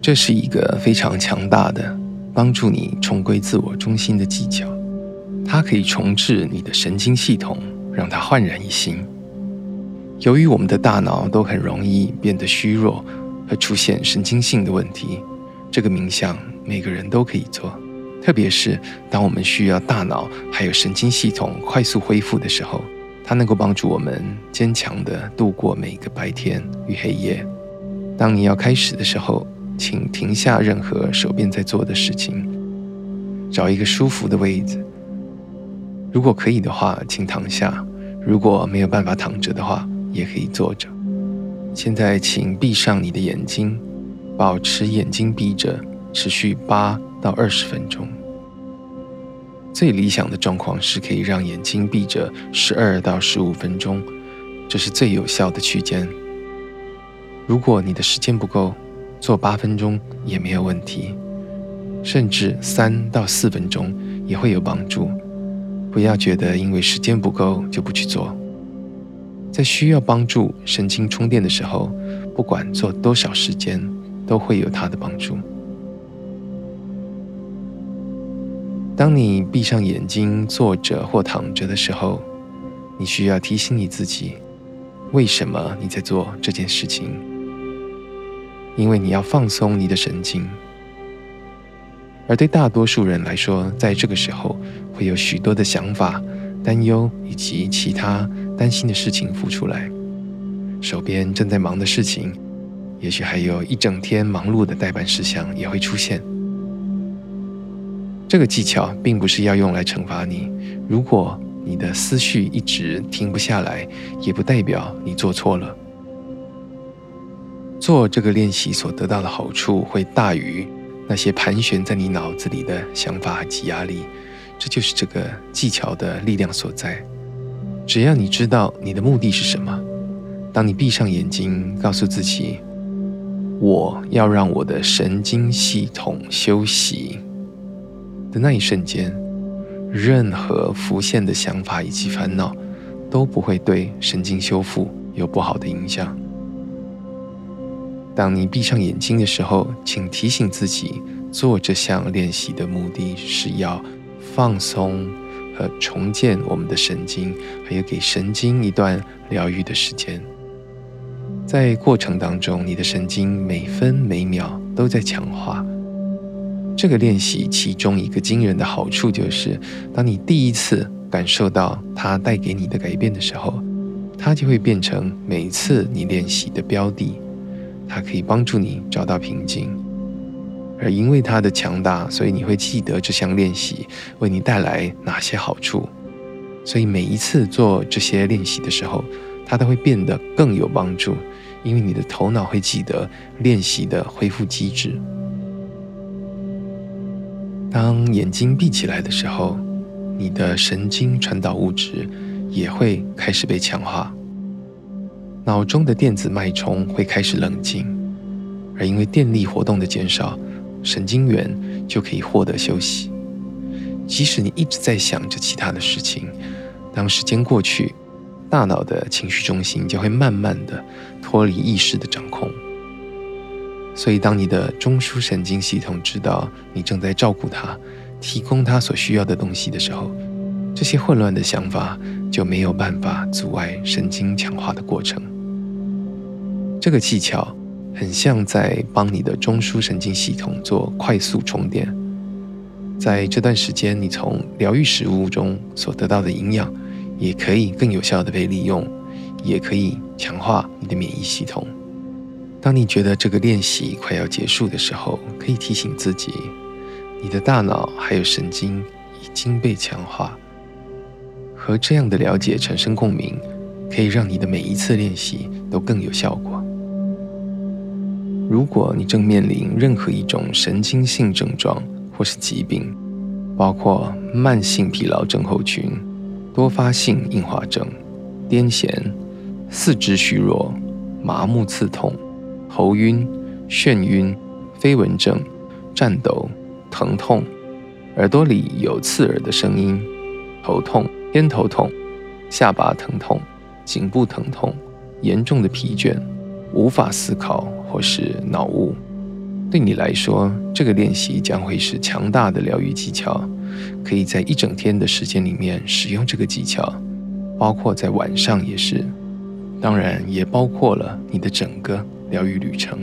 這是一個非常強大的，幫助你重歸自我中心的技巧，它可以重置你的神經系統，讓它煥然一新。由於我們的大腦都很容易變得虛弱和出現神經性的問題，這個冥想每個人都可以做，特別是當我們需要大腦還有神經系統快速恢復的時候，它能夠幫助我們堅強的度過每一個白天與黑夜。當你要開始的時候，請停下任何手邊在做的事情，找一個舒服的位置。如果可以的話，請躺下；如果沒有辦法躺着的話，也可以坐着。現在，請閉上你的眼睛，保持眼睛閉着，持續八到二十分鐘。最理想的狀況是可以讓眼睛閉着十二到十五分鐘，這是最有效的區間。如果你的時間不夠，做八分鐘也沒有問題，甚至三到四分鐘也會有幫助。不要覺得因為時間不夠就不去做。在需要幫助神經充電的時候，不管做多少時間，都會有它的幫助。當你閉上眼睛坐着或躺着的時候，你需要提醒你自己，為什麼你在做這件事情。因為你要放鬆你的神經，而對大多數人來說，在這個時候會有許多的想法、擔憂以及其他擔心的事情浮出來。手邊正在忙的事情，也許還有一整天忙碌的待辦事項也會出現。這個技巧並不是要用來懲罰你，如果你的思緒一直停不下來，也不代表你做錯了。做這個練習所得到的好處會大於那些盤旋在你腦子裡的想法及壓力，這就是這個技巧的力量所在。只要你知道你的目的是什麼，當你閉上眼睛，告訴自己“我要讓我的神經系統休息”的那一瞬間，任何浮現的想法以及煩惱都不會對神經修復有不好的影響。當你閉上眼睛的時候，請提醒自己，做這項練習的目的是要放鬆和重建我們的神經，還有給神經一段療癒的時間。在過程當中，你的神經每分每秒都在強化。這個練習其中一個驚人的好處就是，當你第一次感受到它帶給你的改變的時候，它就會變成每次你練習的標的。它可以幫助你找到平靜，而因為它的強大，所以你會記得這項練習為你帶來哪些好處。所以每一次做這些練習的時候，它都會變得更有幫助，因為你的頭腦會記得練習的恢復機制。當眼睛閉起來的時候，你的神經傳導物質也會開始被強化。腦中的電子脈衝會開始冷靜，而因為電力活動的減少，神經元就可以獲得休息。即使你一直在想着其他的事情，當時間過去，大腦的情緒中心將會慢慢的脫離意識的掌控。所以，當你的中樞神經系統知道你正在照顧它，提供它所需要的東西的時候，這些混亂的想法就沒有辦法阻礙神經強化的過程。這個技巧很像在幫你的中樞神經系統做快速充電，在這段時間，你從療癒食物中所得到的營養也可以更有效地被利用，也可以強化你的免疫系統。當你覺得這個練習快要結束的時候，可以提醒自己，你的大腦還有神經已經被強化。和這樣的了解產生共鳴，可以讓你的每一次練習都更有效果。如果你正面臨任何一種神經性症狀或是疾病，包括慢性疲勞症候群、多發性硬化症、癲癇、四肢虛弱、麻木刺痛、頭暈、眩暈、飛蚊症、顫抖、疼痛、耳朵裡有刺耳的聲音、頭痛、偏頭痛、下巴疼痛、頸部疼痛、嚴重的疲倦、無法思考，或是腦霧，對你來說，這個練習將會是強大的療癒技巧，可以在一整天的時間裡面使用這個技巧，包括在晚上也是，當然也包括了你的整個療癒旅程。